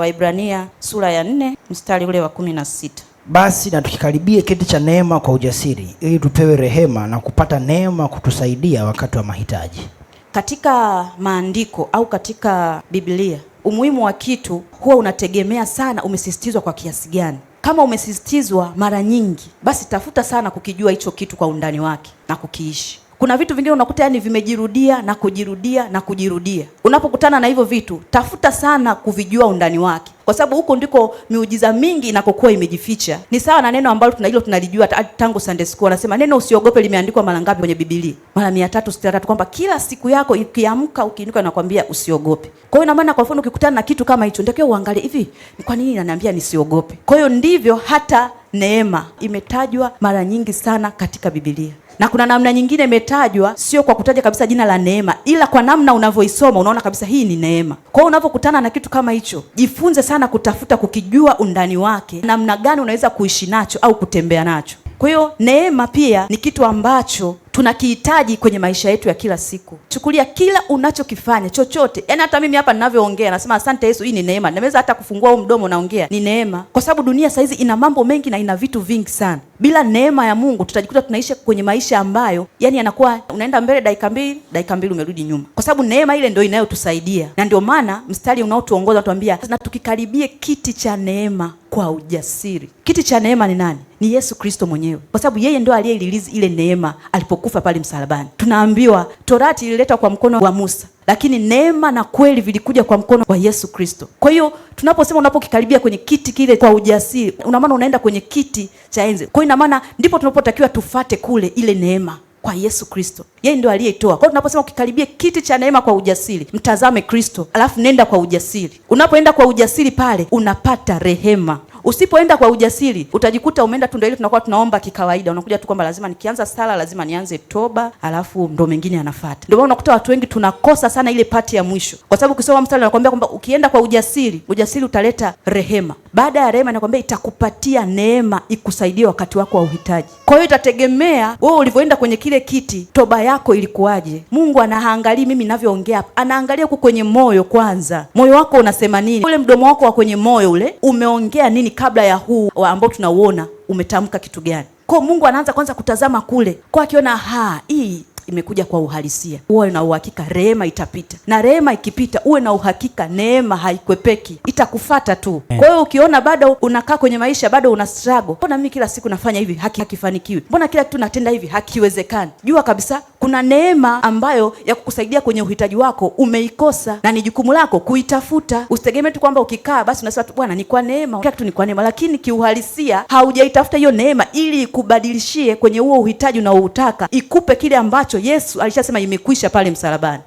Waibrania sura ya nne mstari ule wa kumi na sita basi na tukikaribie kiti cha neema kwa ujasiri, ili tupewe rehema na kupata neema kutusaidia wakati wa mahitaji. Katika maandiko au katika Biblia, umuhimu wa kitu huwa unategemea sana umesisitizwa kwa kiasi gani. Kama umesisitizwa mara nyingi, basi tafuta sana kukijua hicho kitu kwa undani wake na kukiishi. Kuna vitu vingine unakuta yani vimejirudia na kujirudia na kujirudia. Unapokutana na hivyo vitu, tafuta sana kuvijua undani wake, kwa sababu huko ndiko miujiza mingi inakokuwa imejificha. Ni sawa na neno ambalo tunahilo tunalijua tangu Sunday school, anasema neno usiogope limeandikwa mara ngapi kwenye Biblia? Mara 363, kwamba kila siku yako ikiamka, ukiinuka, inakwambia usiogope. Kwa hiyo ina maana, kwa mfano, ukikutana na kitu kama hicho, ndio uangalie hivi, kwa nini ananiambia nisiogope? Kwa hiyo ndivyo hata neema imetajwa mara nyingi sana katika Biblia na kuna namna nyingine imetajwa, sio kwa kutaja kabisa jina la neema, ila kwa namna unavyoisoma unaona kabisa hii ni neema. Kwa hiyo unavyokutana na kitu kama hicho, jifunze sana kutafuta, kukijua undani wake, namna gani unaweza kuishi nacho au kutembea nacho. Kwa hiyo neema pia ni kitu ambacho tunakihitaji kwenye maisha yetu ya kila siku. Chukulia kila unachokifanya chochote, yaani hata mimi hapa ninavyoongea nasema asante Yesu, hii ni neema. Nimeweza hata kufungua huu mdomo naongea, ni neema, kwa sababu dunia saizi ina mambo mengi na ina vitu vingi sana bila neema ya Mungu tutajikuta tunaishi kwenye maisha ambayo yani yanakuwa unaenda mbele dakika mbili, dakika mbili umerudi nyuma, kwa sababu neema ile ndio inayotusaidia. Na ndio maana mstari unaotuongoza unatuambia, na tukikaribie kiti cha neema kwa ujasiri. Kiti cha neema ni nani? Ni Yesu Kristo mwenyewe, kwa sababu yeye ndio aliyelilizi ile neema alipokufa pale msalabani. Tunaambiwa torati ililetwa kwa mkono wa Musa, lakini neema na kweli vilikuja kwa mkono wa Yesu Kristo. Kwa hiyo tunaposema unapokikaribia kwenye kiti kile kwa ujasiri, una maana unaenda kwenye kiti cha enzi. Kwa hiyo ina maana ndipo tunapotakiwa tufate kule ile neema kwa Yesu Kristo, yeye ndio aliyeitoa. Kwa hiyo tunaposema ukikaribia kiti cha neema kwa ujasiri, mtazame Kristo, alafu nenda kwa ujasiri. Unapoenda kwa ujasiri pale unapata rehema Usipoenda kwa ujasiri, utajikuta umeenda tu, ndio ile tunakuwa tunaomba kikawaida, unakuja tu kwamba lazima nikianza sala lazima nianze toba, alafu ndo mengine yanafuata. Ndio maana unakuta watu wengi tunakosa sana ile pati ya mwisho, kwa sababu ukisoma mstari anakuambia kwamba ukienda kwa ujasiri, ujasiri utaleta rehema. Baada ya rehema, anakuambia itakupatia neema ikusaidie wakati wako wa uhitaji. Kwa hiyo itategemea wewe ulivyoenda kwenye kile kiti, toba yako ilikuwaje. Mungu anaangalia mimi ninavyoongea hapa, anaangalia huko kwenye moyo kwanza, moyo wako unasema nini, ule mdomo wako wa kwenye moyo ule umeongea nini kabla ya huu ambao tunauona umetamka kitu gani? Kwa Mungu anaanza kwanza kutazama kule, kwa akiona ha hii imekuja kwa uhalisia, uwe na uhakika rehema itapita, na rehema ikipita, uwe na uhakika neema haikwepeki, itakufata tu. Eh. Kwa hiyo ukiona bado unakaa kwenye maisha, bado una struggle, mbona mimi kila siku nafanya hivi haki hakifanikiwi, mbona kila kitu natenda hivi hakiwezekani, jua kabisa kuna neema ambayo ya kukusaidia kwenye uhitaji wako umeikosa, na ni jukumu lako kuitafuta. Usitegemee tu kwamba ukikaa basi unasema bwana, ni kwa neema, kila kitu ni kwa neema, lakini kiuhalisia haujaitafuta hiyo neema ili ikubadilishie kwenye huo uhitaji unaoutaka, ikupe kile ambacho Yesu alishasema imekwisha pale msalabani.